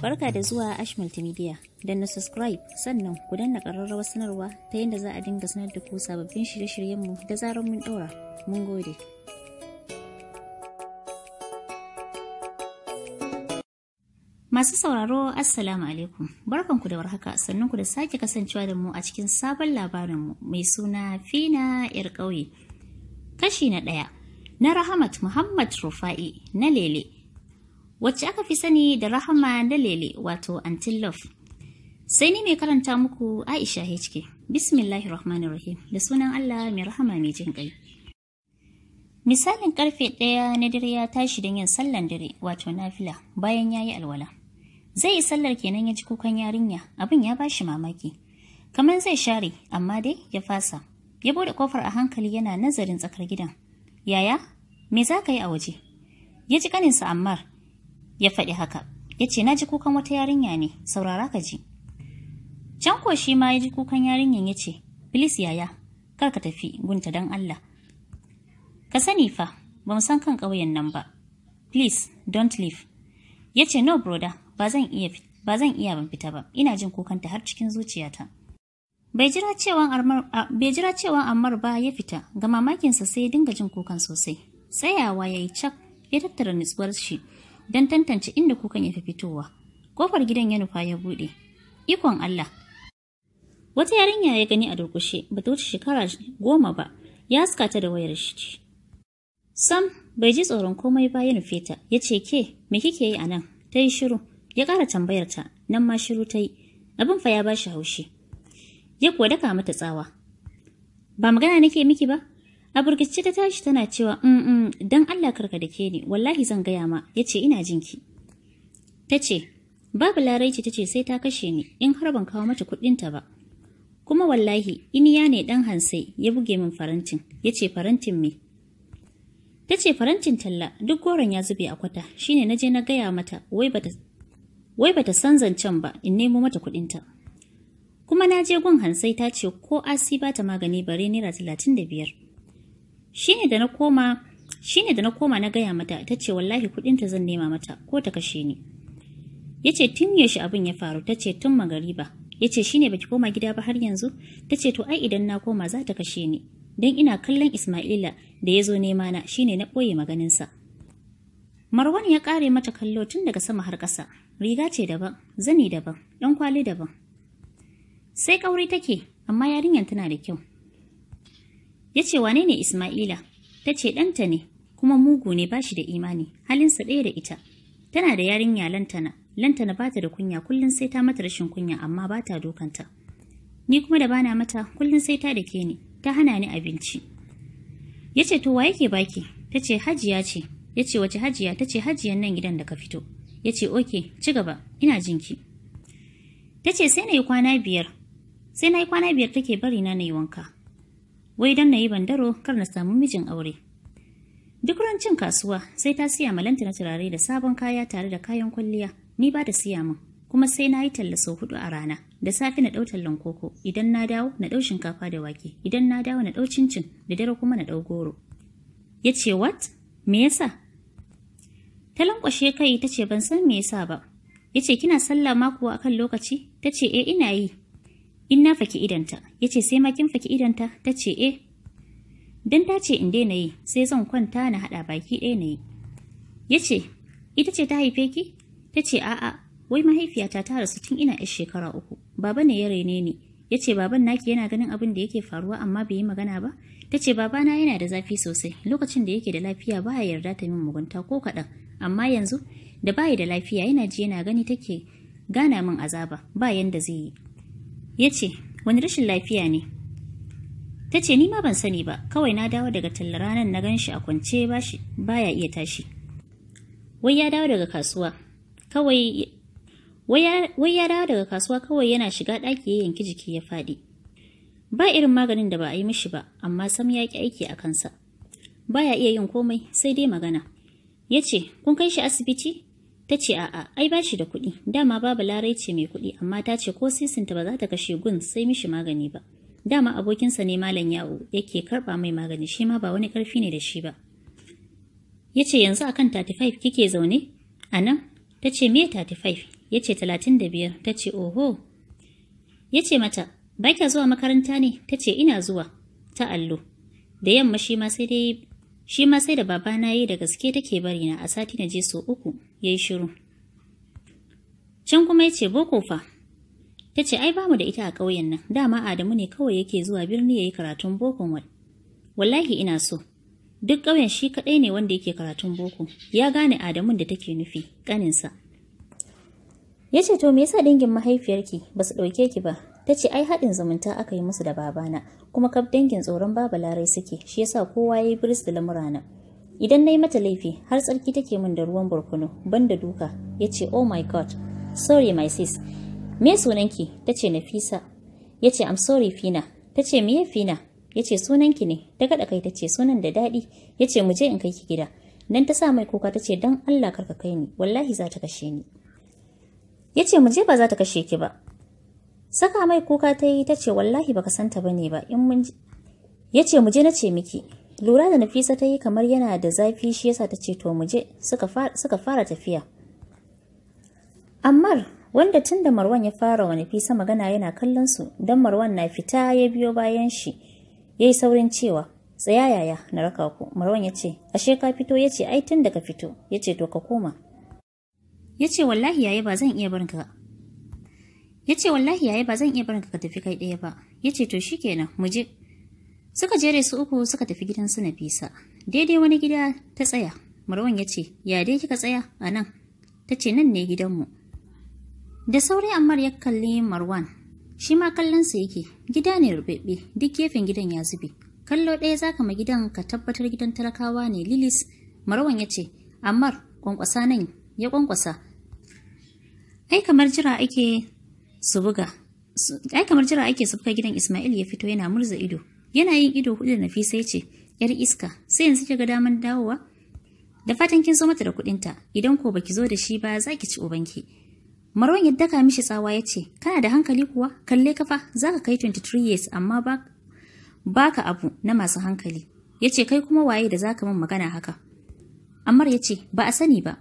Barka da zuwa Ash Multimedia. Don na subscribe sannan ku danna ƙararrawar sanarwa ta yadda za a dinga sanar da ku sababbin shirye-shiryenmu da zarar mun ɗora. Mun gode. Masu sauraro Assalamu alaikum. barkan ku da warhaka sannan ku da sake kasancewa da mu a cikin sabon labarinmu mai suna Fina 'yar ƙauye. Kashi na ɗaya na rahmat Muhammad Rufa'i na Lele. wacce aka fi sani da Rahama da Lele wato until Love. Sai ni mai karanta muku Aisha HK. Bismillahir Rahmanir Rahim. Da sunan Allah mai rahama mai jin kai. Misalin karfe ɗaya na dare ya tashi don yin sallan dare wato nafila bayan ya yi alwala. Zai yi sallar kenan ya ji kukan yarinya abin ya bashi mamaki. Kamar zai share amma dai ya fasa. Ya bude kofar a hankali yana nazarin tsakar gidan. Yaya, me za ka yi a waje? Ya ji kaninsa Ammar ya faɗi haka ya ce na ji kukan wata yarinya ne saurara ka ji can ko shi ma ya ji kukan yarinyan ya ce bilis yaya kar ka tafi gunta don allah ka sani fa ba mu san kan ƙauyen nan ba please don't leave ya ce no broda. ba zan iya ban fita ba ina jin kukanta har cikin zuciyata bai jira cewa ammar ba ya fita ga mamakinsa sai ya dinga jin kukan sosai tsayawa ya yi cak ya tattara nutsuwar shi don tantance inda kukan ya fi fitowa. Kofar gidan ya nufa ya buɗe. Ikon Allah. Wata yarinya ya gani a durƙushe ba ta wuce shekara goma ba, ya haska ta da wayar shi. Sam bai ji tsoron komai ba ya nufe ta, ya ce ke, me kike yi a nan? Ta yi shiru, ya ƙara tambayar ta, nan ma shiru ta yi. Abin fa ya ba shi haushi. Ya kuwa daka mata tsawa. Ba magana nake miki ba, A burgice ta tashi tana cewa, "Mm, don Allah karka da ke ni, wallahi zan gaya ma, yace ina jinki." Ta ce, "Babu laraici tace sai ta kashe ni, in har ban kawo mata ta ba." Kuma wallahi, iniya ne dan hansai ya buge min farantin, yace farantin me? Ta farantin talla, duk goron ya zube a kwata, shine naje na gaya mata, wai bata wai bata san zancen ba in nemo mata ta Kuma naje je gun hansai tace ko asi ba ta magani bare naira talatin da biyar. shine da na koma shine da na koma na gaya mata ta ce wallahi kuɗin ta zan nema mata ko ta kashe ni ya ce tun yaushe abin ya faru ta ce tun magariba ya ce shine baki koma gida ba har yanzu ta ce to ai idan na koma za ta kashe ni don ina kallon ismaila da ya zo nema na shine na ɓoye maganinsa marwan ya kare mata kallo tun daga sama har ƙasa riga ce daban zani daban ɗan kwali daban sai ƙauri take amma yarinyar tana da kyau Ya ce wane ne Ismaila? Ta ce ɗanta ne, kuma mugu ne bashi da imani, halinsa ɗaya da ita. Tana da yarinya lantana, lantana ba ta da kunya kullum sai ta mata rashin kunya amma ba ta dokanta. Ni kuma da bana mata kullum sai ta da ke ni, ta hana ni abinci. Ya ce to wa yake baki? Ta ce hajiya ce. Ya ce wace hajiya? Ta ce hajiyan nan gidan da ka fito. Ya ce oke, ci gaba, ina jinki. Ta ce sai na yi kwana biyar. Sai na yi kwana biyar take bari na na yi wanka. wai don na yi bandaro kar na samu mijin aure. Duk rancin kasuwa sai ta siya malanta na turare da sabon kaya tare da kayan kwalliya, ni ba da siya min, kuma sai na yi talla sau hudu a rana, da safe na ɗau tallan koko, idan na dawo na ɗau shinkafa da wake, idan na dawo na ɗau cincin, da dare kuma na ɗau goro. Ya ce, What? Me yasa? Ta lankwashe kai ta ce, Ban san me yasa ba. Ya ce, Kina sallah makuwa kuwa akan lokaci? Ta ce, E, ina yi. in na faki idanta ya ce sai ma faki idanta ta ce eh don ta ce in daina yi sai zan kwanta na haɗa baki ɗaya na yi ya ce ita ce ta haife ki ta ce a'a wai mahaifiyata ta rasu tun ina yar shekara uku baba ne ya raine ni ya ce baban naki yana ganin abin da yake faruwa amma bai yi magana ba ta ce babana yana da zafi sosai lokacin da yake da lafiya ba yarda ta min mugunta ko kaɗan amma yanzu da baya da lafiya yana ji yana gani take gana min azaba ba yanda zai yi ya ce wani rashin lafiya ne ta ce ni ban sani ba kawai na dawo daga talla ranar na ganshi a kwance baya iya tashi wai ya dawo daga kasuwa kawai wai ya dawo daga kasuwa kawai yana shiga ɗaki ya yanki jiki ya faɗi ba irin maganin da ba a yi mishi ba amma sam ya ki aiki a kansa Ba ya iya yin komai sai dai magana ya ce kun kai shi asibiti ta ce a'a ai bashi da kuɗi dama babu larai ce mai kuɗi amma ta ce ko sisinta ba za ta kashe gun sai mishi magani ba dama abokinsa ne malam yawo yake karɓa mai magani shi ma ba wani ƙarfi ne da shi ba ya ce yanzu a akan 35 kike zaune a nan ta ce me 35 ya ce 35 ta ce oho ya ce mata ba zuwa makaranta ne ta ce ina zuwa ta allo da yamma shi ma sai dai shi ma sai da babana yi da gaske take bari na a sati na je so uku ya yi shiru can kuma ya ce boko fa ta ce ai bamu da ita a ƙauyen nan dama adamu ne kawai yake zuwa birni ya yi karatun bokon wal wallahi ina so duk ƙauyen shi kaɗai ne wanda yake karatun boko ya gane Adamu da take nufi ƙaninsa ya ce to me yasa dangin mahaifiyarki ba su ɗauke ki ba ta ce ai haɗin zumunta aka yi musu da babana kuma kaf dangin tsoron baba larai suke shi yasa kowa ya yi biris da lamurana idan na yi mata laifi har tsarki take min da ruwan barkono ban da duka ya ce oh my god sorry my sis me sunanki ta ce nafisa ya ce i'm sorry fina ta ce me fina ya ce sunanki ne ta gaɗa kai ta ce sunan da daɗi ya ce mu je in kai ki gida nan ta sa mai kuka ta ce don allah karka kai ni wallahi za ta kashe ni ya ce mu je ba za ta kashe ki ba Saka mai kuka ta yi ta ce wallahi baka santa bane ba in mun ya muje na ce miki. Lura da Nafisa ta yi kamar yana da zafi shi yasa ta ce to muje suka fara tafiya. Ammar wanda tunda Marwan ya fara wa Nafisa magana yana kallon su dan Marwan na fita ya biyo bayan shi yayi saurin cewa tsaya yaya na raka ku Marwan ya ce ashe ka fito yace ai tun da ka fito ya ce to ka koma ya wallahi yaye ba zan iya barka yace wallahi yayi ba zan iya barin ka tafi kai ɗaya ba yace to shikenan mu je suka jere su uku suka tafi gidan su Nafisa daidai wani gida ta tsaya Marwan ya ce ya dai kika tsaya anan tace nan ne gidanmu da saurayi, Ammar ya kalli Marwan shi ma kallon sa yake gida ne rubebbe duk gefen gidan ya zube kallo ɗaya zaka ma gidan ka tabbatar gidan talakawa ne Lilis Marwan yace ce Ammar kwankwasa nan ya kwankwasa ai kamar jira ake su buga ai kamar jira ake sabka gidan Ismail ya fito yana murza ido yana yin ido hudu da Nafisa yace ce yar iska sai yanzu kiga daman dawowa da fatan kin zo mata da ta idan ko baki zo da shi ba za ki ci ubanki Marwan ya daka mishi tsawa yace kana da hankali kuwa kalle kafa za ka kai 23 years amma ba baka abu na masu hankali yace kai kuma waye da zaka ka min magana haka Amar yace ba a sani ba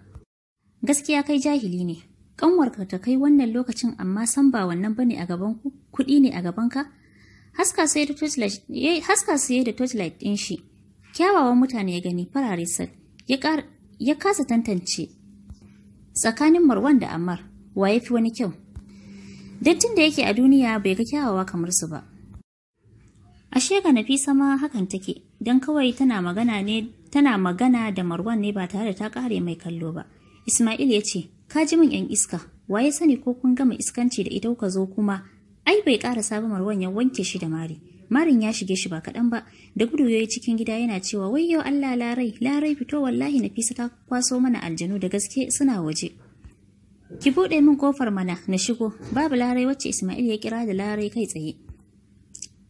gaskiya kai jahili ne kanwarka ta kai wannan lokacin amma san ba wannan bane a gaban ku kuɗi ne a gaban ka haska sai da torchlight haska din shi kyawawan mutane ya gani farare sal ya kasa tantance tsakanin Marwan da Ammar wa fi wani kyau dattin da yake a duniya bai ga kyawawa kamar su ba ashe ga Nafisa ma hakan take dan kawai tana tana magana da Marwan ne ba tare da ta kare mai kallo ba Ismail ya ce ka ji min 'yan iska wa ya sani ko kun gama iskanci da ita kuka zo kuma ai bai ƙara sabon marwan ya wanke shi da mari marin ya shige shi ba kaɗan ba da gudu yayi cikin gida yana cewa wai yau allah larai larai fito wallahi nafisa ta kwaso mana aljanu da gaske suna waje ki buɗe min kofar mana na shigo babu larai wacce ismail ya kira da larai kai tsaye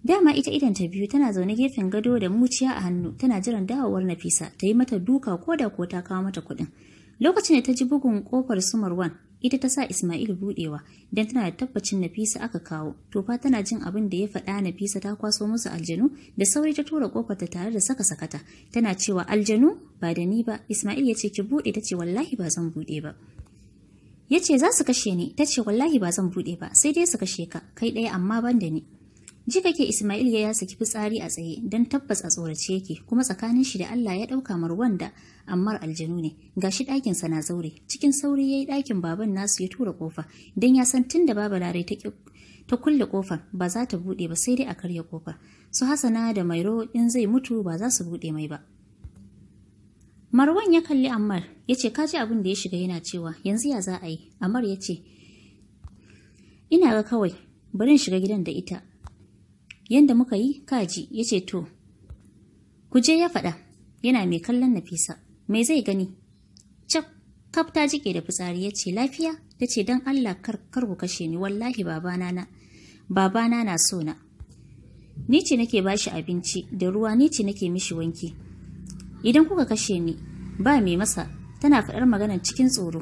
dama ita idan ta biyu tana zaune gefen gado da muciya a hannu tana jiran dawowar nafisa ta yi mata duka ko da ko ta kawo mata kuɗin Lokacin da ta ji bugun kofar su Marwan, ita ta sa Ismail budewa dan tana da tabbacin Nafisa aka kawo. To fa tana jin abin da ya faɗa Nafisa ta kwaso musu aljanu da sauri ta tura kofar ta tare da saka sakata. Tana cewa aljanu ba da ni ba. Ismail ya ce ki bude ta ce wallahi ba zan bude ba. Ya ce za su kashe ni, ta ce wallahi ba zan bude ba, sai dai su kashe ka, kai ɗaya amma ban da ni. Ji kake Ismail ya saki fitsari a tsaye don tabbas a tsorace yake kuma tsakanin shi da Allah ya ɗauka marwan da Ammar aljanu ne gashi ɗakin sa na zaure cikin sauri yayi ɗakin baban nasu ya tura kofa don ya san tun da baba Larai ta ta kulle kofar ba za ta buɗe ba sai dai a karya kofar su hasana da Mairo in zai mutu ba za su buɗe mai ba. Marwan ya kalli Ammar yace ce kaji abin da ya shiga yana cewa yanzu ya za a yi Ammar ya ce ina ga kawai bari shiga gidan da ita yanda muka yi kaji ya ce to ku ya faɗa yana mai kallon nafisa mai zai gani cak kaf ta jike da fitsari ya ce lafiya ta ce don allah kar ku kashe ni wallahi babana na babana na so na ni ce nake bashi abinci da ruwa ni ce nake mishi wanki idan kuka kashe ni ba mai masa tana faɗar maganar cikin tsoro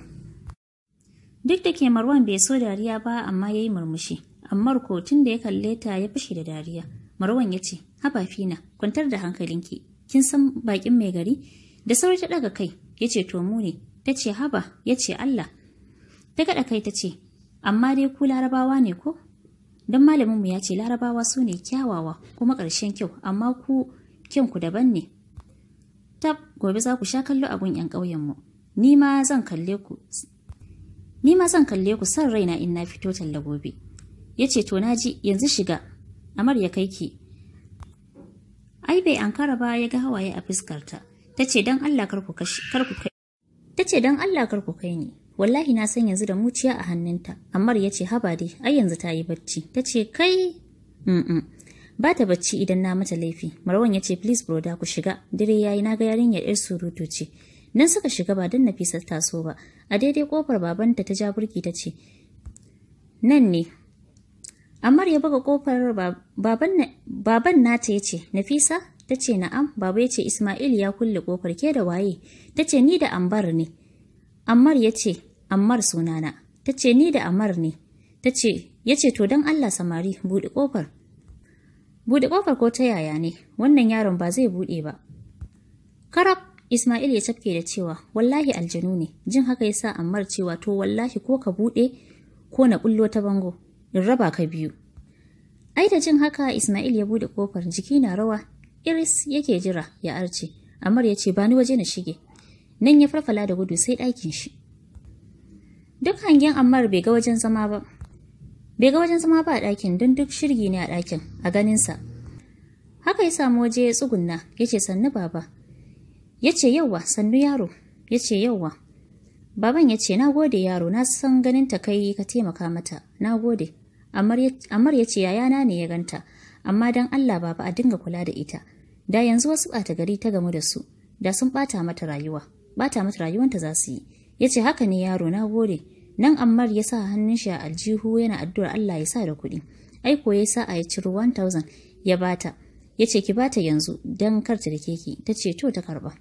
duk da ke marwan bai so dariya ba amma ya yi murmushi amma ko da ya kalle ta ya fashe da dariya marwan ya ce haba fina kwantar da hankalinki kin san bakin mai gari da sauri ta ɗaga kai ya ce to mu ne ta ce haba ya ce allah ta gaɗa kai ta ce amma dai ku larabawa ne ko don malaminmu ya ce larabawa su ne kyawawa kuma ƙarshen kyau amma ku kyanku daban ne tab gobe za ku sha kallo abun yan ƙauyenmu ni ma zan kalle ku ni ma zan kalle ku san raina in na fito talla gobe ya ce to naji yanzu shiga amar ya kai ki ai bai ankara ba ya ga hawaye a fuskarta ta ce don allah kar ku kai ta ce don allah kar ku kai ni wallahi na san yanzu da muciya a hannunta amar ya ce haba dai ai yanzu ta yi bacci ta ce kai ba ta bacci idan na mata laifi marwan ya ce please broda ku shiga dire yayi na ga yarinyar yar surutu ce nan suka shiga ba don nafisar taso ba a daidai kofar babanta ta ja burki ta ce nan ne Ammar ya buga kofar baban nata ya ce, Nafisa? Ta ce na'am, baba ya ce Ismail ya kulle kofar ke da waye? Ta ce ni da Ammar ne. Ammar ya ce, Ammar sunana. Ta ce ni da Ammar ne. Ta ce, to don Allah samari buɗe kofar. Buɗe kofar ko ta yaya ne, wannan yaron ba zai buɗe ba. Karab Ismail ya cafke da cewa wallahi aljanu ne jin haka yasa Ammar cewa to wallahi ko ka buɗe ko na bullo ta bango in raba ka biyu ai da jin haka Ismail ya bude kofar jiki na rawa Iris yake jira ya arce Amar ya ce ba ni waje na shige nan ya farfala da gudu sai ɗakin shi duk hangen Amar bai ga wajen zama ba bai ga wajen zama ba a ɗakin don duk shirgi ne a ɗakin a ganinsa haka ya samu waje ya tsugunna ya ce sannu baba ya ce yauwa sannu yaro ya ce yauwa baban ya ce na gode yaro na san ganin ta kai ka taimaka mata na gode Ammar ya ce yayana ne ya ganta, amma don Allah baba a dinga kula da ita. Da yanzu wasu ɓata gari ta gamu da su, da sun bata mata rayuwa, Bata mata rayuwanta za su yi. Ya ce haka ne yaro na gode. Nan amar ya sa hannun shi a aljihu yana addu'ar Allah ya sa da kuɗi. Aiko ya sa a ya ciro 1000 ya bata. Ya ce ki bata yanzu don kar ta da keke, Ta ce to ta karɓa.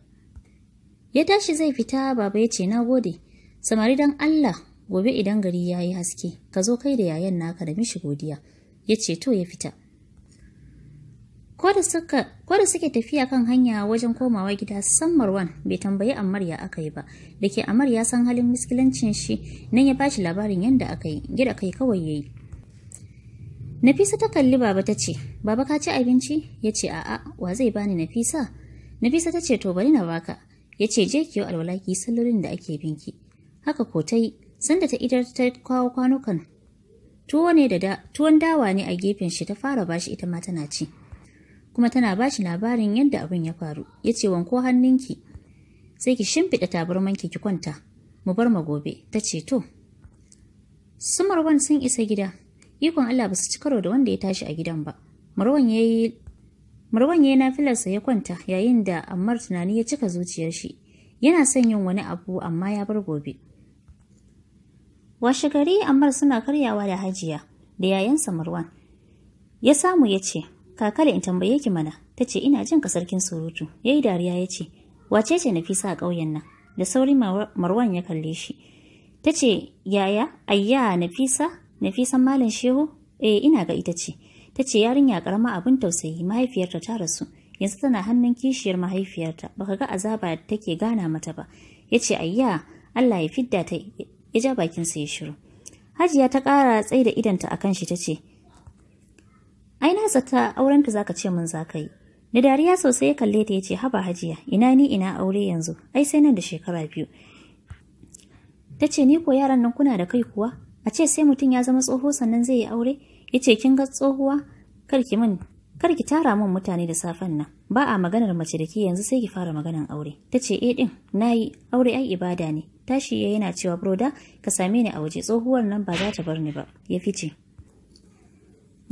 Ya tashi zai fita baba ya ce na gode. Samari don Allah gobe idan gari ya yi haske ka zo kai da yayan naka da mishi godiya ya ce to ya fita ko da suke tafiya kan hanya wajen komawa gida san marwan bai tambayi amarya aka yi ba da ke amarya san halin miskilancin shi nan ya bashi labarin yadda aka yi gida kai kawai ya yi nafisa ta kalli baba ta ce baba ka ci abinci ya ce a'a wa zai bani nafisa nafisa ta ce to bari na baka ya ce je kiyo alwala ki sallolin da ake binki haka ko ta yi sanda ta idar ta kawo kwanukan tuwo ne tuwon dawa ne a gefen shi ta fara bashi ita ma tana ci kuma tana bashi labarin yadda abin ya faru ya ce wanko hannunki sai ki shimfiɗa tabarmanki ki kwanta mu bar ma gobe ta ce to su marwan sun isa gida ikon Allah ba su ci karo da wanda ya tashi a gidan ba marwan ya yi marwan ya yi nafilarsa ya kwanta yayin da ammar tunani ya cika zuciyar shi yana son yin wani abu amma ya bar gobe washe gari ammar suna karyawa da hajiya da yayansa marwan ya samu ya ce "Kakale, in tambaye ki mana ta ce ina jin ka sarkin surutu ya yi dariya ya ce wace ce nafisa a ƙauyen nan da sauri marwan ya kalle shi ta ce yaya ayya nafisa nafisan malam shehu eh ina ga ita ce ta ce yarinya karama abin tausayi mahaifiyarta ta rasu yanzu tana hannun kishiyar mahaifiyarta baka ga azaba da take gana mata ba Ya ce, ayya Allah ya fidda ta ya ja sa ya shiru hajiya ta kara tsai da idanta akan shi tace ce ai na zata auren aurenta zaka ce mun zaka yi da dariya sosai ya kalle ta ya haba hajiya ina ni ina aure yanzu ai sai nan da shekara biyu tace ni ko yaran nan kuna da kai kuwa a ce sai mutum ya zama tsoho sannan zai yi aure yace kin ga tsohuwa karki min karki tara mun mutane da safen nan ba a maganar mace da ke yanzu sai ki fara maganar aure tace ce eh din nayi aure ai ibada ne tashi ya yana cewa broda ka same ni a waje tsohuwar nan ba za ta bar ni ba ya fice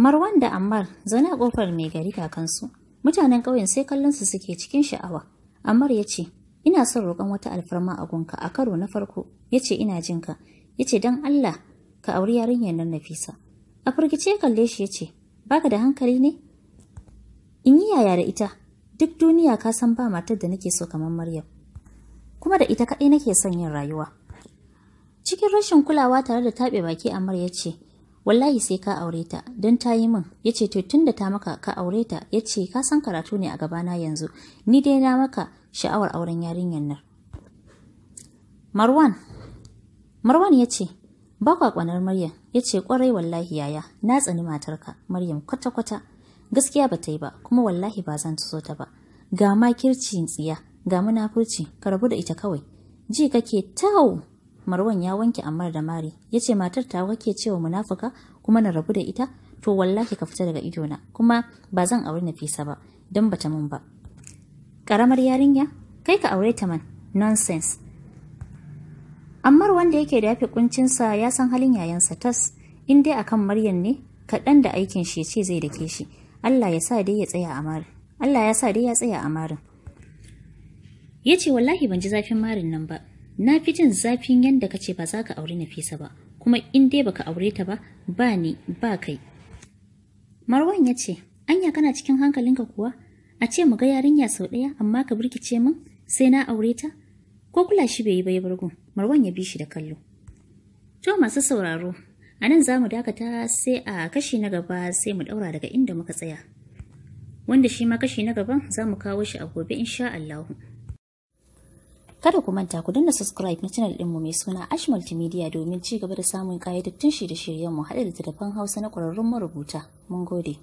marwan da ammar zaune a kofar mai gari kakansu mutanen ƙauyen sai kallon su suke cikin sha'awa ammar ya ce ina son roƙon wata alfarma a gunka a karo na farko ya ce ina jin ka ya ce don allah ka auri yarinyar nan nafisa a firgice kalle shi ya ce baka da hankali ne in yi yaya da ita duk duniya ka san ba matar da nake so kamar maryam kuma da ita kaɗai nake son yin rayuwa. Cikin rashin kulawa tare da taɓe baki Amar ya ce, Wallahi sai ka aure ta, don ta yi min, ya ce tun da ta maka ka aure ta, ya ce ka san karatu ne a gabana yanzu, ni dai na maka sha'awar auren yarinyar nan. Marwan, Marwan ya ce, ba kwa ƙwanar Maryam, ya ce kwarai wallahi yaya, na tsani matarka, Maryam kwata-kwata, gaskiya ba ta yi ba, kuma wallahi ba zan so ta ba, ga ma tsiya, ga munafurci ka rabu da ita kawai ji kake tau marwan ya wanke amar da mari ya ce matar ta wake cewa munafuka kuma na rabu da ita to wallahi ka fita daga idona kuma ba zan aure fisa ba don bata mun ba karamar yarinya kai ka aure ta man nonsense amar wanda yake da yafi sa ya san halin yayansa tas in dai akan maryan ne kaɗan da aikin shi ce zai dake shi Allah ya sa dai ya tsaya a Allah ya sa dai ya tsaya amarin ya ce wallahi ban ji zafin marin nan ba na fi jin zafin yadda ka ce ba za ka aure nafisa ba kuma in dai baka aure ta ba ba ni ba kai marwan ya ce anya kana cikin hankalinka kuwa a ce mu ga yarinya sau ɗaya amma ka birkice min sai na aure ta ko kula shi bai yi bai bargo marwan ya bi shi da kallo to masu sauraro a nan za mu dakata sai a kashi na gaba sai mu ɗaura daga inda muka tsaya wanda shi ma kashi na gaban za mu kawo shi a gobe insha Kada ku manta ku danna subscribe na channel ɗinmu mai suna Ash Multimedia domin ci gaba da samun ƙayyadattun shirye-shiryenmu haɗa da tafan Hausa na ƙwararrun marubuta. Mun gode.